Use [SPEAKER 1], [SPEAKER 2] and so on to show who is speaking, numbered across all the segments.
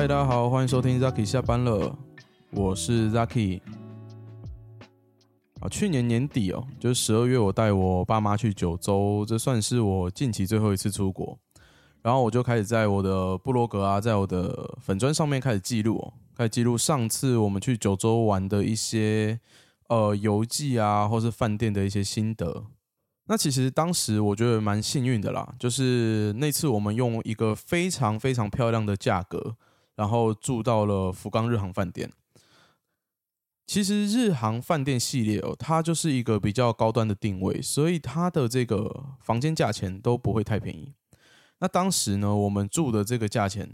[SPEAKER 1] 嗨，大家好，歡迎收聽 Zaki 下班了，我是 Zaki。啊，去年年底哦，就是十二月，我帶我爸媽去九州，這算是我近期最後一次出國。然後我就開始在我的部落格啊，在我的粉專上面開始記錄哦，開始記錄上次我們去九州玩的一些呃遊記啊，或是飯店的一些心得。那其實當時我覺得蠻幸運的啦，就是那次我們用一個非常非常漂亮的價格。然後住到了福岡日航飯店。其實日航飯店系列哦，它就是一個比較高端的定位，所以它的這個房間價錢都不會太便宜。那當時呢，我們住的這個價錢，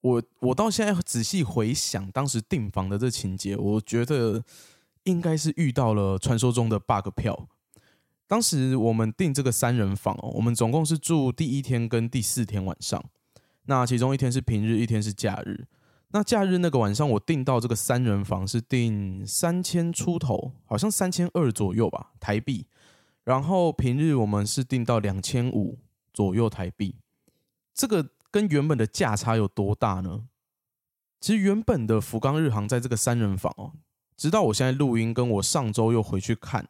[SPEAKER 1] 我我到現在仔細回想當時訂房的這情節，我覺得應該是遇到了傳說中的 bug 票。當時我們訂這個三人房哦，我們總共是住第一天跟第四天晚上。那其中一天是平日，一天是假日。那假日那個晚上，我訂到這個三人房是訂三千出頭，好像三千二左右吧，台幣。然後平日我們是訂到兩千五左右台幣。這個跟原本的價差有多大呢？其實原本的福岡日航在這個三人房哦，直到我現在錄音，跟我上周又回去看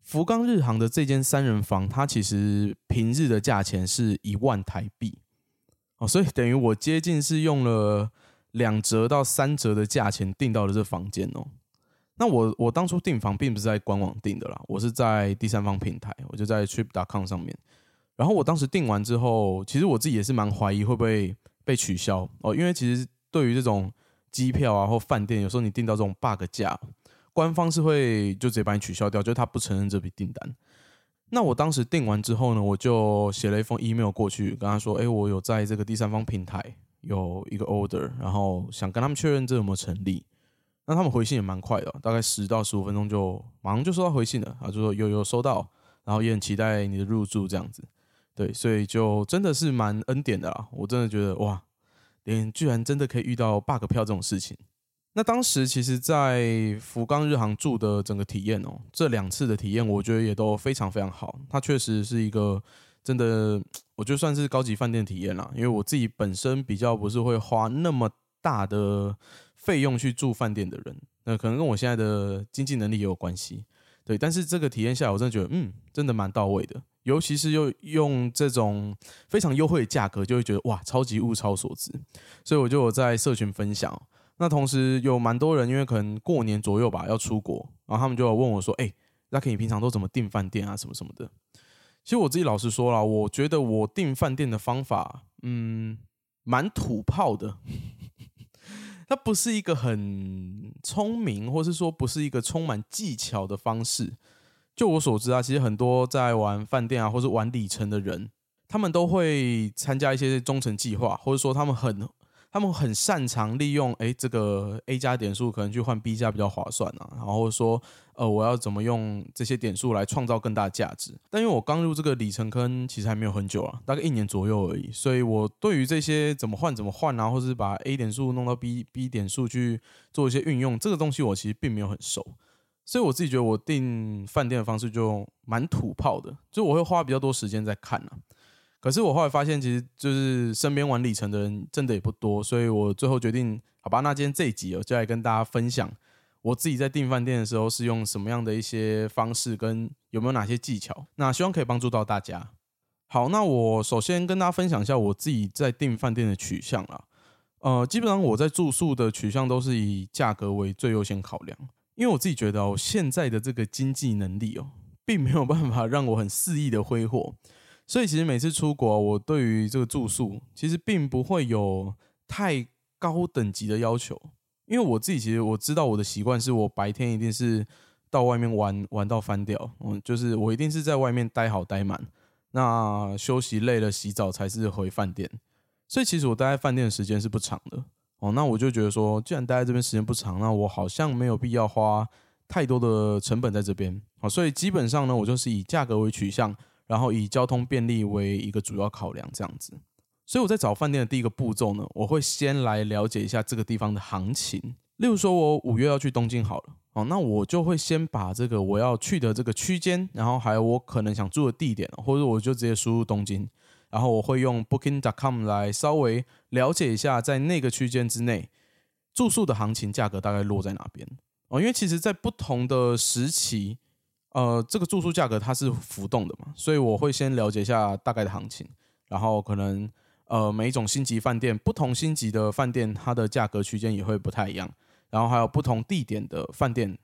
[SPEAKER 1] 福岡日航的這間三人房，它其實平日的價錢是一萬台幣。哦，所以等於我接近是用了兩折到三折的價錢訂到了這房間哦。那我我當初訂房並不是在官網訂的啦，我是在第三方平台，我就在 Trip.com 上面。然後我當時訂完之後，其實我自己也是蠻懷疑會不會被取消哦，因為其實對於這種機票啊或飯店，有時候你訂到這種 bug 價，官方是會就直接把你取消掉，就是他不承認這筆訂單。那我當時訂完之後呢，我就寫了一封 email 過去，跟他說，誒，我有在這個第三方平台有一個 order，然後想跟他們確認這有沒有成立。那他們回信也蠻快的，大概十到十五分鐘就馬上就收到回信了。啊，就說有有收到，然後也很期待你的入住這樣子。對，所以就真的是蠻恩典的啊，我真的覺得哇，連居然真的可以遇到 bug 票這種事情。那當時其實，在福岡日航住的整個體驗哦、喔，這兩次的體驗，我覺得也都非常非常好。它確實是一個真的，我覺得算是高級飯店體驗啦。因為我自己本身比較不是會花那麼大的費用去住飯店的人，那可能跟我現在的經濟能力也有關係。對，但是這個體驗下來，我真的覺得，嗯，真的蠻到位的。尤其是又用這種非常優惠的價格，就會覺得哇，超級物超所值。所以我就有在社群分享喔。那同時有蠻多人，因為可能過年左右吧，要出國，然後他們就會問我說：“哎、欸，Zaki，你平常都怎麼訂飯店啊，什麼什麼的？”其實我自己老實說啦，我覺得我訂飯店的方法，嗯，蠻土炮的。它 不是一個很聰明，或是說不是一個充滿技巧的方式。就我所知啊，其實很多在玩飯店啊，或是玩里程的人，他們都會參加一些忠誠計劃，或者說他們很。他們很擅長利用哎、欸，這個 A 加點數可能去換 B 加比較划算呢、啊。然後說，呃，我要怎麼用這些點數來創造更大的價值？但因為我剛入這個里程坑，其實還沒有很久啊，大概一年左右而已。所以我對於這些怎麼換、怎麼換啊，或是把 A 點數弄到 B B 點數去做一些運用，這個東西我其實並沒有很熟。所以我自己覺得我訂飯店的方式就蠻土炮的，就我會花比較多時間在看呢、啊。可是我後來發現，其實就是身邊玩里程的人真的也不多，所以我最後決定，好吧，那今天這一集我就來跟大家分享我自己在訂飯店的時候是用什麼樣的一些方式，跟有沒有哪些技巧。那希望可以幫助到大家。好，那我首先跟大家分享一下我自己在訂飯店的取向啦。呃，基本上我在住宿的取向都是以價格為最優先考量，因為我自己覺得哦，現在的這個經濟能力哦，並沒有辦法讓我很肆意的揮霍。所以其實每次出國啊，我對於這個住宿其實並不會有太高等級的要求，因為我自己其實我知道我的習慣是我白天一定是到外面玩，玩到翻掉，嗯，就是我一定是在外面待好待滿，那休息累了洗澡才是回飯店。所以其實我待在飯店的時間是不長的哦，嗯，那我就覺得說，既然待在這邊時間不長，那我好像沒有必要花太多的成本在這邊，好，嗯，所以基本上呢，我就是以價格為取向。然後以交通便利為一個主要考量，這樣子。所以我在找飯店的第一個步驟呢，我會先來了解一下這個地方的行情。例如說，我五月要去東京好了，哦，那我就會先把這個我要去的這個區間，然後還有我可能想住的地點，或者我就直接輸入東京，然後我會用 Booking.com 來稍微了解一下在那個區間之內住宿的行情價格大概落在哪邊。哦，因為其實在不同的時期。呃，這個住宿價格它是浮動的嘛，所以我會先了解一下大概的行情，然後可能呃每一種星級飯店，不同星級的飯店它的價格區間也會不太一樣，然後還有不同地點的飯店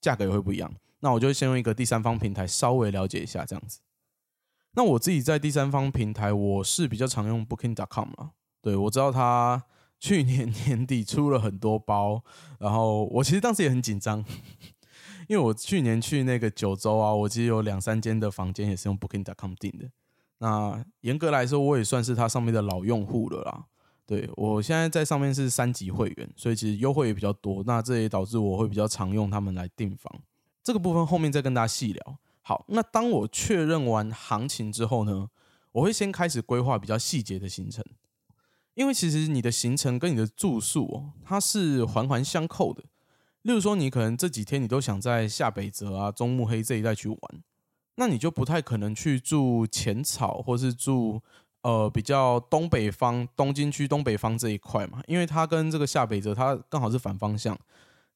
[SPEAKER 1] 價格也會不一樣。那我就會先用一個第三方平台稍微了解一下這樣子。那我自己在第三方平台我是比較常用 Booking.com 嘛，對，我知道他去年年底出了很多包，然後我其實當時也很緊張。呵呵因為我去年去那個九州啊，我其實有兩三間的房間也是用 Booking.com 訂的。那嚴格來說，我也算是它上面的老用戶了啦。對，我現在在上面是三級會員，所以其實優惠也比較多。那這也導致我會比較常用他們來訂房。這個部分後面再跟大家細聊。好，那當我確認完行情之後呢，我會先開始規劃比較細節的行程，因為其實你的行程跟你的住宿哦，它是環環相扣的。例如說，你可能這幾天你都想在下北澤啊、中目黑這一帶去玩，那你就不太可能去住淺草，或是住呃比較東北方東京區東北方這一塊嘛，因為它跟這個下北澤它剛好是反方向。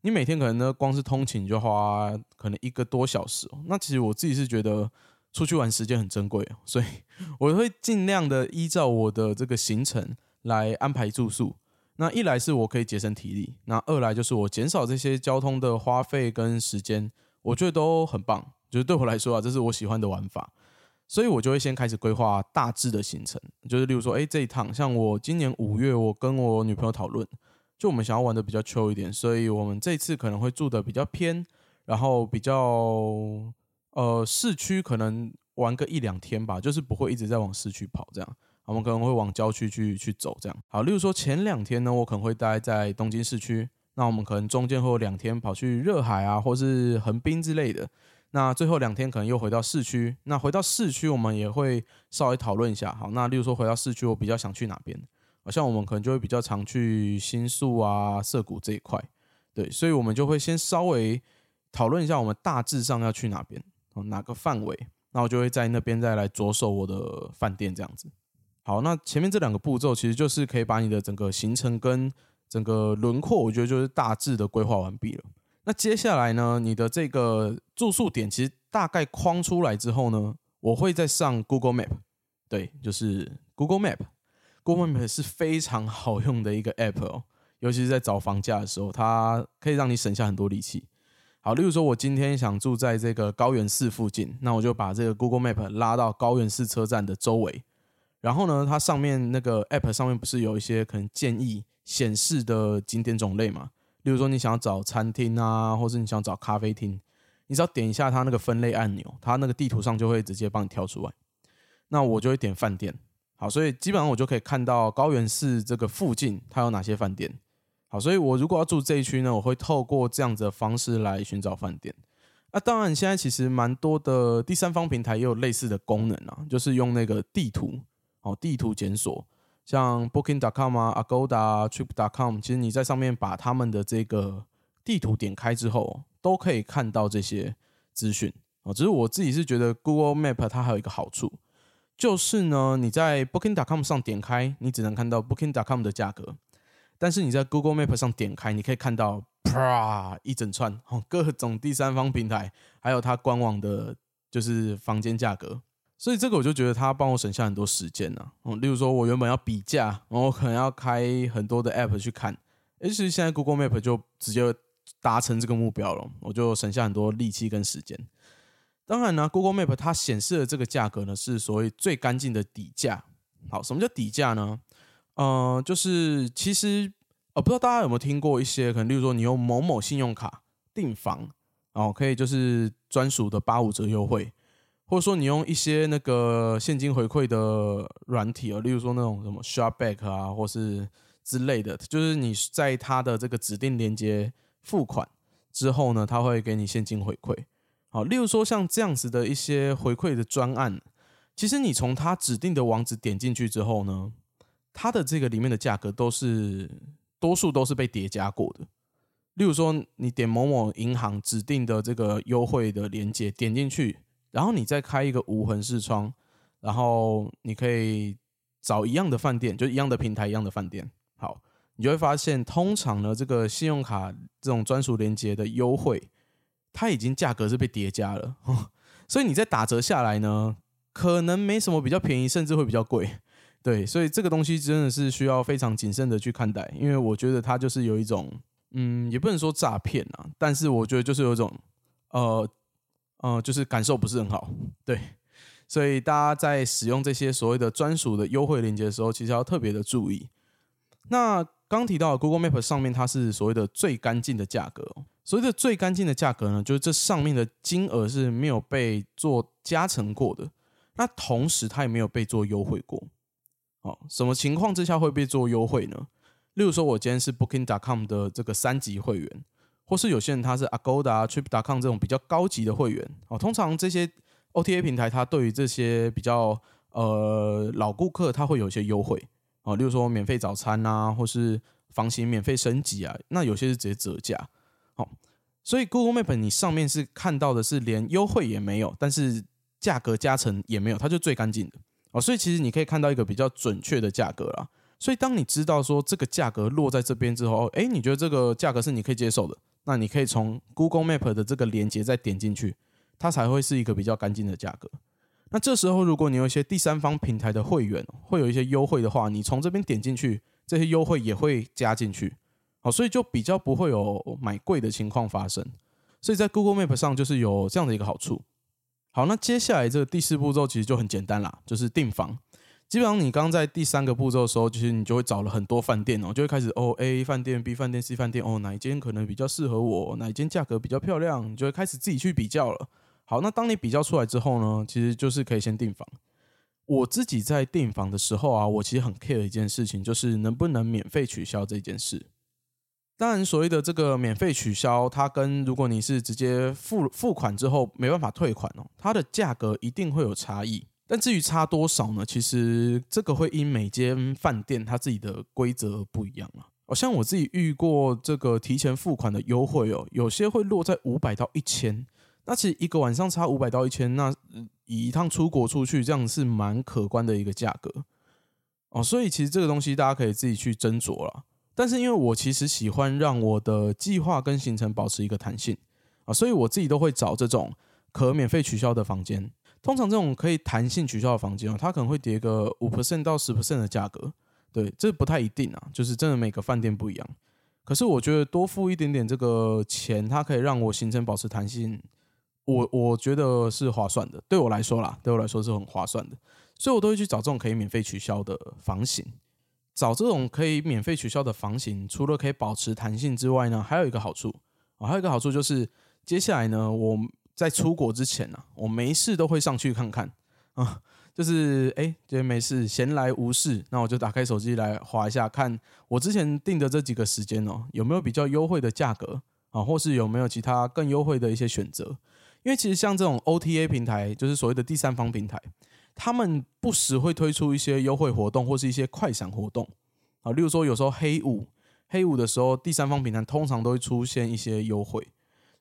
[SPEAKER 1] 你每天可能呢，光是通勤就花可能一個多小時喔。那其實我自己是覺得出去玩時間很珍貴，所以我會盡量的依照我的這個行程來安排住宿。那一來是我可以節省體力，那二來就是我減少這些交通的花費跟時間，我覺得都很棒。就是對我來說啊，這是我喜歡的玩法，所以我就會先開始規劃大致的行程，就是例如說，哎，這一趟像我今年五月，我跟我女朋友討論，就我們想要玩的比較 chill 一點，所以我們這次可能會住的比較偏，然後比較呃市區可能玩個一兩天吧，就是不會一直在往市區跑這樣。我們可能會往郊區去去走，這樣。好，例如說，前兩天呢，我可能會待在東京市區。那我們可能中間會有兩天跑去熱海啊，或是橫濱之類的。那最後兩天可能又回到市區。那回到市區，我們也會稍微討論一下。好，那例如說回到市區，我比較想去哪邊？好像我們可能就會比較常去新宿啊、澀谷這一塊。對，所以我們就會先稍微討論一下我們大致上要去哪邊，哪個範圍。那我就會在那邊再來着手我的飯店，這樣子。好，那前面這兩個步驟其實就是可以把你的整個行程跟整個輪廓，我覺得就是大致的規劃完畢了。那接下來呢，你的這個住宿點其實大概框出來之後呢，我會再上 Google Map，對，就是 Google Map。Google Map 是非常好用的一個 App 哦，尤其是在找房價的時候，它可以讓你省下很多力氣。好，例如說我今天想住在這個高圓寺附近，那我就把這個 Google Map 拉到高圓寺車站的周圍。然後呢，它上面那個 App 上面不是有一些可能建議顯示的景點種類嘛？例如說，你想要找餐廳啊，或者你想要找咖啡廳，你只要點一下它那個分類按鈕，它那個地圖上就會直接幫你挑出來。那我就會點飯店，好，所以基本上我就可以看到高圓寺這個附近它有哪些飯店。好，所以我如果要住這一區呢，我會透過這樣子的方式來尋找飯店。那當然，現在其實蠻多的第三方平台也有類似的功能啊，就是用那個地圖。哦，地圖檢索，像 Booking.com 啊、Agoda、Trip.com，其實你在上面把他們的這個地圖點開之後，都可以看到這些資訊啊。只是我自己是覺得 Google Map 它還有一個好處，就是呢，你在 Booking.com 上點開，你只能看到 Booking.com 的價格，但是你在 Google Map 上點開，你可以看到啪、啊、一整串哦，各種第三方平台，還有它官網的，就是房間價格。所以這個我就覺得它幫我省下很多時間呢、啊。嗯，例如說我原本要比價，然後可能要開很多的 App 去看，其實現在 Google Map 就直接達成這個目標了，我就省下很多力氣跟時間。當然呢、啊、Google Map 它顯示的這個價格呢，是所謂最乾淨的底價。好，什麼叫底價呢？嗯、呃，就是其實呃，我不知道大家有沒有聽過一些可能，例如說你用某某信用卡訂房，哦，可以就是專屬的八五折優惠。或者說，你用一些那個現金回饋的軟體啊、哦，例如說那種什麼 Sharkback 啊，或是之類的，就是你在它的這個指定連接付款之後呢，它會給你現金回饋。好，例如說像這樣子的一些回饋的專案，其實你從它指定的網址點進去之後呢，它的這個裡面的價格都是多數都是被疊加過的。例如說，你點某某銀行指定的這個優惠的鏈接，點進去。然後你再開一個無痕視窗，然後你可以找一樣的飯店，就一樣的平台，一樣的飯店。好，你就會發現，通常呢，這個信用卡這種專屬連接的優惠，它已經價格是被疊加了，所以你再打折下來呢，可能沒什麼比較便宜，甚至會比較貴。對，所以這個東西真的是需要非常謹慎的去看待，因為我覺得它就是有一種，嗯，也不能說詐騙啊，但是我覺得就是有一種，呃。嗯、呃，就是感受不是很好，對，所以大家在使用這些所謂的專屬的優惠鏈接的時候，其實要特別的注意。那剛提到的 Google Map 上面，它是所謂的最乾淨的價格。所謂的最乾淨的價格呢，就是這上面的金額是沒有被做加成過的，那同時它也沒有被做優惠過。好、哦，什麼情況之下會被做優惠呢？例如說，我今天是 Booking.com 的這個三級會員。或是有些人他是 Agoda、Trip.com 這種比較高級的會員哦。通常這些 OTA 平台，它對於這些比較呃老顧客，他會有一些優惠哦，例如說免費早餐啊，或是房型免費升級啊。那有些是直接折價。好，哦，所以 Google Map 你上面是看到的是連優惠也沒有，但是價格加成也沒有，它就最乾淨的哦。所以其實你可以看到一個比較準確的價格啦。所以當你知道說這個價格落在這邊之後，誒，你覺得這個價格是你可以接受的？那你可以從 Google Map 的這個鏈接再點進去，它才會是一個比較乾淨的價格。那這時候，如果你有一些第三方平台的會員，會有一些優惠的話，你從這邊點進去，這些優惠也會加進去。好，所以就比較不會有買貴的情況發生。所以在 Google Map 上就是有這樣的一個好處。好，那接下來這個第四步驟其實就很簡單啦，就是訂房。基本上，你剛在第三個步驟的時候，其實你就會找了很多飯店哦，就會開始哦 A 飯店、B 飯店、C 飯店哦，哪一間可能比較適合我？哪一間價格比較漂亮？你就會開始自己去比較了。好，那當你比較出來之後呢，其實就是可以先訂房。我自己在訂房的時候啊，我其實很 care 一件事情，就是能不能免費取消這件事。當然，所謂的這個免費取消，它跟如果你是直接付付款之後沒辦法退款哦，它的價格一定會有差異。但至於差多少呢？其實這個會因每間飯店它自己的規則而不一樣啊。哦，像我自己遇過這個提前付款的優惠哦，有些會落在五百到一千。那其實一個晚上差五百到一千，那、嗯、以一趟出國出去這樣是蠻可觀的一個價格哦。所以其實這個東西大家可以自己去斟酌了。但是因為我其實喜歡讓我的計劃跟行程保持一個彈性啊、哦，所以我自己都會找這種可免費取消的房間。通常這種可以彈性取消的房間啊、哦，它可能會疊個五 percent 到十 percent 的價格，對，這不太一定啊，就是真的每個飯店不一樣。可是我覺得多付一點點這個錢，它可以讓我行程保持彈性，我我覺得是划算的，對我來說啦，對我來說是很划算的，所以我都會去找這種可以免費取消的房型，找這種可以免費取消的房型，除了可以保持彈性之外呢，還有一個好處啊、哦，還有一個好處就是接下來呢，我。在出國之前呢、啊，我沒事都會上去看看啊、嗯，就是哎，覺、欸、得沒事，閒來無事，那我就打開手機來滑一下，看我之前訂的這幾個時間哦、喔，有沒有比較優惠的價格啊，或是有沒有其他更優惠的一些選擇？因為其實像這種 OTA 平台，就是所謂的第三方平台，他們不時會推出一些優惠活動，或是一些快閃活動啊，例如說有時候黑五，黑五的時候，第三方平台通常都會出現一些優惠。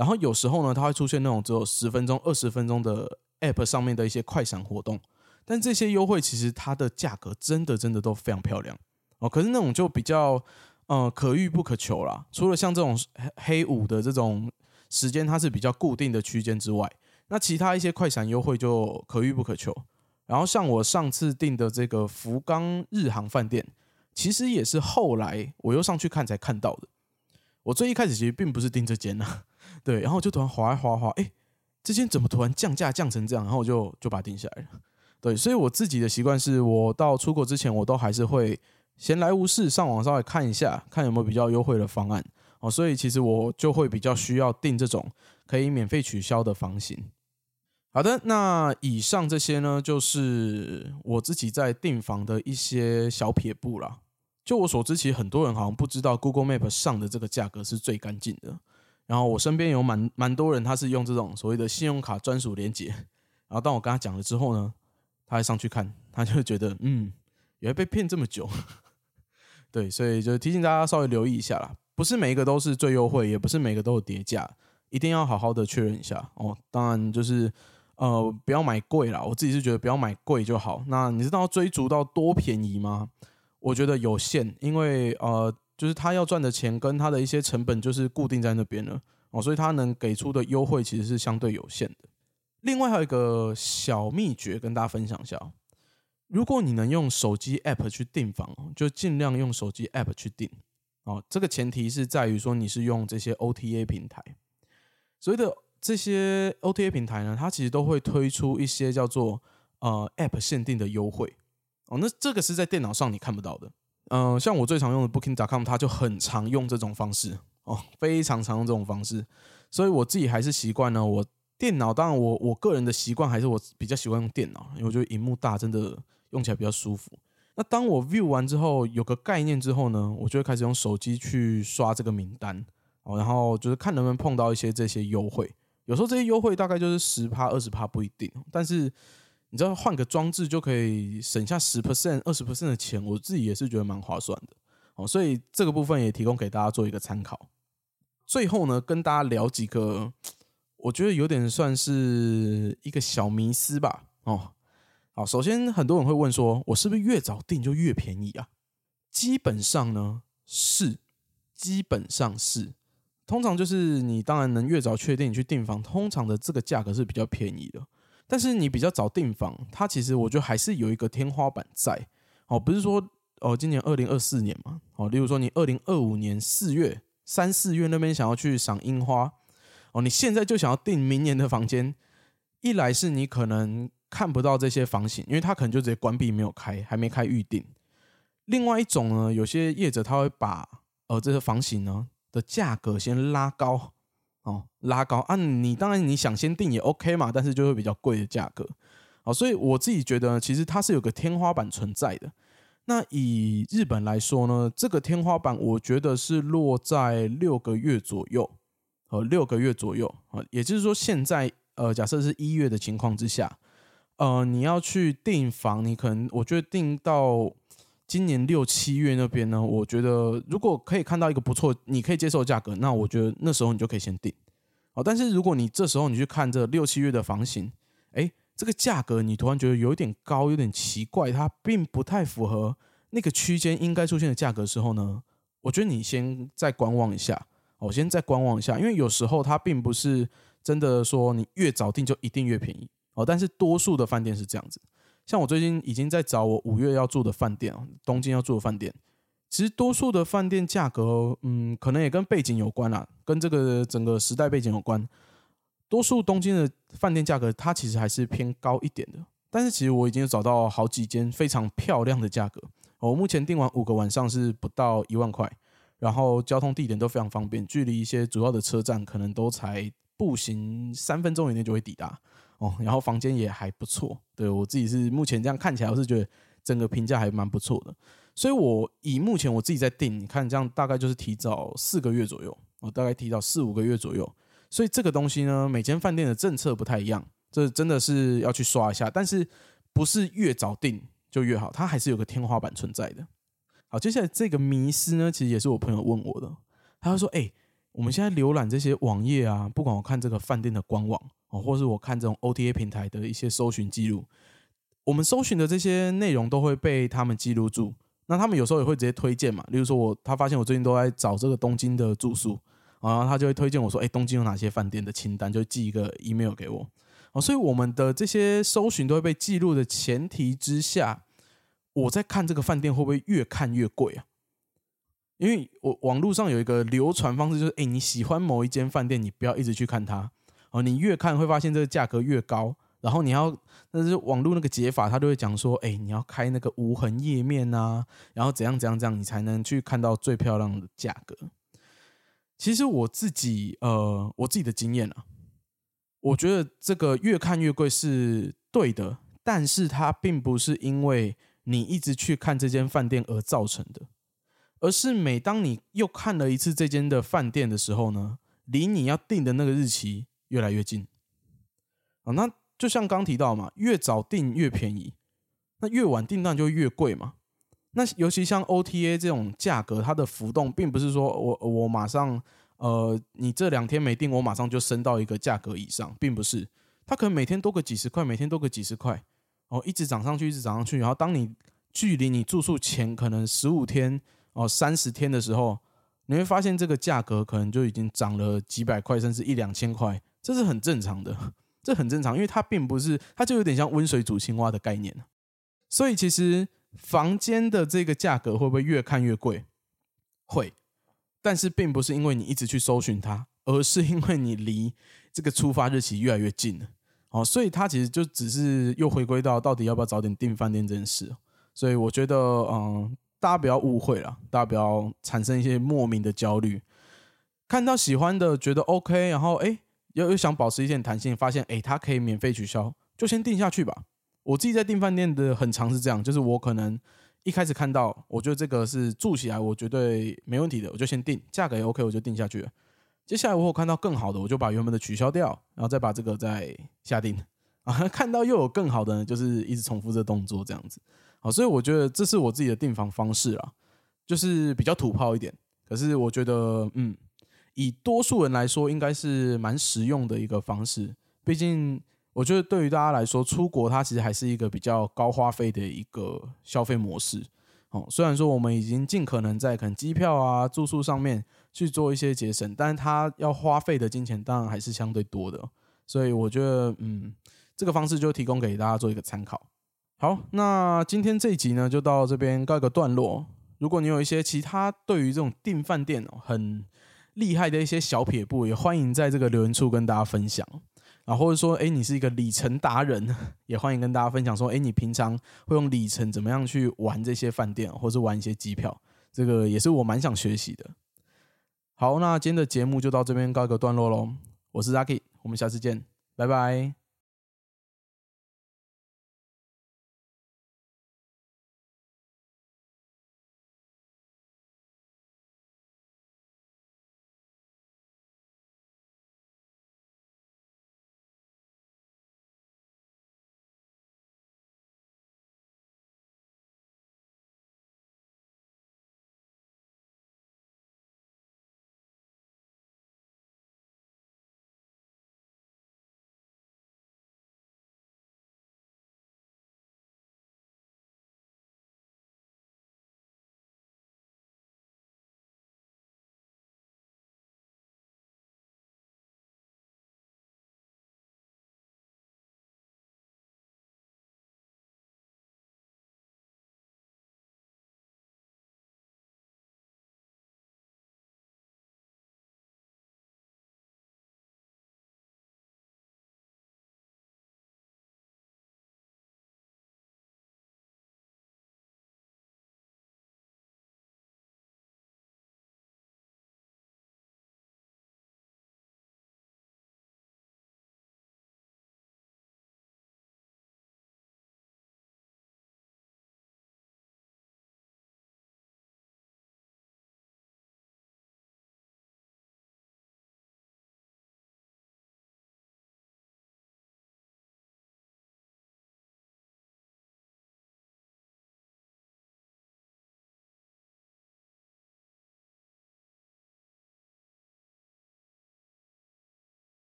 [SPEAKER 1] 然後有時候呢，它會出現那種只有十分鐘、二十分鐘的 App 上面的一些快閃活動，但這些優惠其實它的價格真的真的都非常漂亮哦。可是那種就比較，嗯、呃，可遇不可求啦。除了像這種黑五的這種時間，它是比較固定的區間之外，那其他一些快閃優惠就可遇不可求。然後像我上次訂的這個福岡日航飯店，其實也是後來我又上去看才看到的。我最一開始其實並不是訂這間吶、啊。對，然後我就突然滑一滑，滑，哎，這間怎麼突然降價降成這樣？然後我就就把它定下來了。對，所以我自己的習慣是我到出國之前，我都還是會閒來無事上網稍微看一下，看有沒有比較優惠的方案哦。所以其實我就會比較需要定這種可以免費取消的房型。好的，那以上這些呢，就是我自己在訂房的一些小撇步啦。就我所知，其實很多人好像不知道 Google Map 上的這個價格是最乾淨的。然後我身邊有蠻蠻多人，他是用這種所謂的信用卡專屬連接。然後當我跟他講了之後呢，他還上去看，他就覺得嗯，也被騙這麼久。對，所以就提醒大家稍微留意一下啦。不是每一個都是最優惠，也不是每一個都有疊加，一定要好好的確認一下哦。當然就是呃，不要買貴了。我自己是覺得不要買貴就好。那你知道追逐到多便宜嗎？我覺得有限，因為呃。就是他要賺的錢跟他的一些成本就是固定在那邊了哦，所以他能給出的優惠其實是相對有限的。另外還有一個小秘訣跟大家分享一下，如果你能用手機 app 去訂房，就儘量用手機 app 去訂哦。這個前提是在於說你是用這些 OTA 平台，所謂的這些 OTA 平台呢，它其實都會推出一些叫做呃 app 限定的優惠哦。那這個是在電腦上你看不到的。嗯、呃，像我最常用的 Booking.com，它就很常用這種方式哦，非常常用這種方式。所以我自己還是習慣呢。我電腦，當然我我個人的習慣還是我比較喜歡用電腦，因為我覺得熒幕大，真的用起來比較舒服。那當我 view 完之後，有個概念之後呢，我就會開始用手機去刷這個名單哦，然後就是看能不能碰到一些這些優惠。有時候這些優惠大概就是十趴、二十趴不一定，但是。你知道換個裝置就可以省下十 percent 二十 percent 的錢，我自己也是覺得蠻划算的哦。所以這個部分也提供給大家做一個參考。最後呢，跟大家聊幾個，我覺得有點算是一個小迷思吧。哦，好，首先很多人會問說，我是不是越早訂就越便宜啊？基本上呢是，基本上是，通常就是你當然能越早確定你去訂房，通常的這個價格是比較便宜的。但是你比較早訂房，它其實我覺得還是有一個天花板在哦，不是說哦，今年二零二四年嘛，哦，例如說你二零二五年四月，三四月那邊想要去賞櫻花，哦，你現在就想要訂明年的房間，一來是你可能看不到這些房型，因為它可能就直接關閉沒有開，還沒開預訂；另外一種呢，有些業者他會把呃這個房型呢的價格先拉高。哦，拉高啊你，你當然你想先訂也 OK 嘛，但是就會比較貴的價格。哦，所以我自己覺得呢，其實它是有個天花板存在的。那以日本來說呢，這個天花板我覺得是落在六個月左右。好，呃，六個月左右啊，也就是說現在呃，假設是一月的情況之下，呃，你要去訂房，你可能我覺得訂到，今年六七月那邊呢，我覺得如果可以看到一個不錯、你可以接受的價格，那我覺得那時候你就可以先訂哦。但是如果你這時候你去看這六七月的房型，誒，這個價格你突然覺得有點高，有點奇怪，它並不太符合那個區間應該出現的價格的時候呢，我覺得你先再觀望一下，我先再觀望一下，因為有時候它並不是真的說你越早訂就一定越便宜哦。但是多數的飯店是這樣子。像我最近已經在找我五月要住的飯店，東京要住的飯店。其實多數的飯店價格，嗯，可能也跟背景有關啦，啊，跟這個整個時代背景有關。多數東京的飯店價格，它其實還是偏高一點的。但是其實我已經找到好幾間非常漂亮的價格。我目前訂完五個晚上是不到一萬塊，然後交通地點都非常方便，距離一些主要的車站可能都才步行三分鐘以內就會抵達。哦，然後房間也還不錯，對我自己是目前這樣看起來，我是覺得整個評價還蠻不錯的。所以，我以目前我自己在訂，你看這樣大概就是提早四個月左右，我、哦、大概提早四五個月左右。所以這個東西呢，每間飯店的政策不太一樣，這真的是要去刷一下。但是不是越早訂就越好？它還是有個天花板存在的。好，接下來這個迷思呢，其實也是我朋友問我的，他會說：“哎、欸，我們現在瀏覽這些網頁啊，不管我看這個飯店的官網。”哦，或是我看這種 OTA 平台的一些搜尋記錄，我們搜尋的這些內容都會被他們記錄住。那他們有時候也會直接推薦嘛，例如說我他發現我最近都在找這個東京的住宿，然後他就會推薦我說，哎，東京有哪些飯店的清單，就寄一個 email 給我。所以我們的這些搜尋都會被記錄的前提之下，我在看這個飯店會不會越看越貴啊？因為我網絡上有一個流傳方式，就是哎、欸，你喜歡某一間飯店，你不要一直去看它。哦，你越看會發現這個價格越高，然後你要，但是網絡那個解法，他就會講說，哎，你要開那個無痕頁面啊，然後怎樣怎樣怎樣，你才能去看到最漂亮的價格。其實我自己呃，我自己的經驗啊，我覺得這個越看越貴是對的，但是它並不是因為你一直去看這間飯店而造成的，而是每當你又看了一次這間的飯店的時候呢，離你要訂的那個日期。越來越近，啊，那就像剛提到嘛，越早訂越便宜，那越晚訂當然就越貴嘛。那尤其像 OTA 這種價格，它的浮動並不是說我我馬上，呃，你這兩天沒訂，我馬上就升到一個價格以上，並不是，它可能每天多個幾十塊，每天多個幾十塊，哦，一直漲上去，一直漲上去。然後當你距離你住宿前可能十五天哦，三十天的時候，你會發現這個價格可能就已經漲了幾百塊，甚至一兩千塊。這是很正常的，這很正常，因為它並不是，它就有點像溫水煮青蛙的概念。所以其實房間的這個價格會不會越看越貴？會，但是並不是因為你一直去搜尋它，而是因為你離這個出發日期越來越近了。哦，所以它其實就只是又回歸到到底要不要早點訂飯店這件事。所以我覺得，嗯，大家不要誤會了，大家不要產生一些莫名的焦慮。看到喜歡的，覺得 OK，然後哎。誒又又想保持一點彈性，發現誒、欸、它可以免費取消，就先定下去吧。我自己在訂飯店的很常是這樣，就是我可能一開始看到，我覺得這個是住起來我絕對沒問題的，我就先定，價格也 OK，我就定下去了。接下來我有看到更好的，我就把原本的取消掉，然後再把這個再下定。啊，看到又有更好的呢，就是一直重複這動作這樣子。好，所以我覺得這是我自己的訂房方式啊，就是比較土炮一點，可是我覺得嗯。以多數人來說，應該是蠻實用的一個方式。畢竟，我覺得對於大家來說，出國它其實還是一個比較高花費的一個消費模式。哦，雖然說我們已經盡可能在可能機票啊、住宿上面去做一些節省，但是它要花費的金錢當然還是相對多的。所以，我覺得，嗯，這個方式就提供給大家做一個參考。好，那今天這一集呢，就到這邊告一個段落。如果你有一些其他對於這種訂飯店很，厲害的一些小撇步，也歡迎在這個留言處跟大家分享。然後或者說，哎，你是一個里程達人，也歡迎跟大家分享。說，哎，你平常會用里程怎麼樣去玩這些飯店，或是玩一些機票？這個也是我蠻想學習的。好，那今天的節目就到這邊告一個段落嘍。我是 Zaki，我們下次見，拜拜。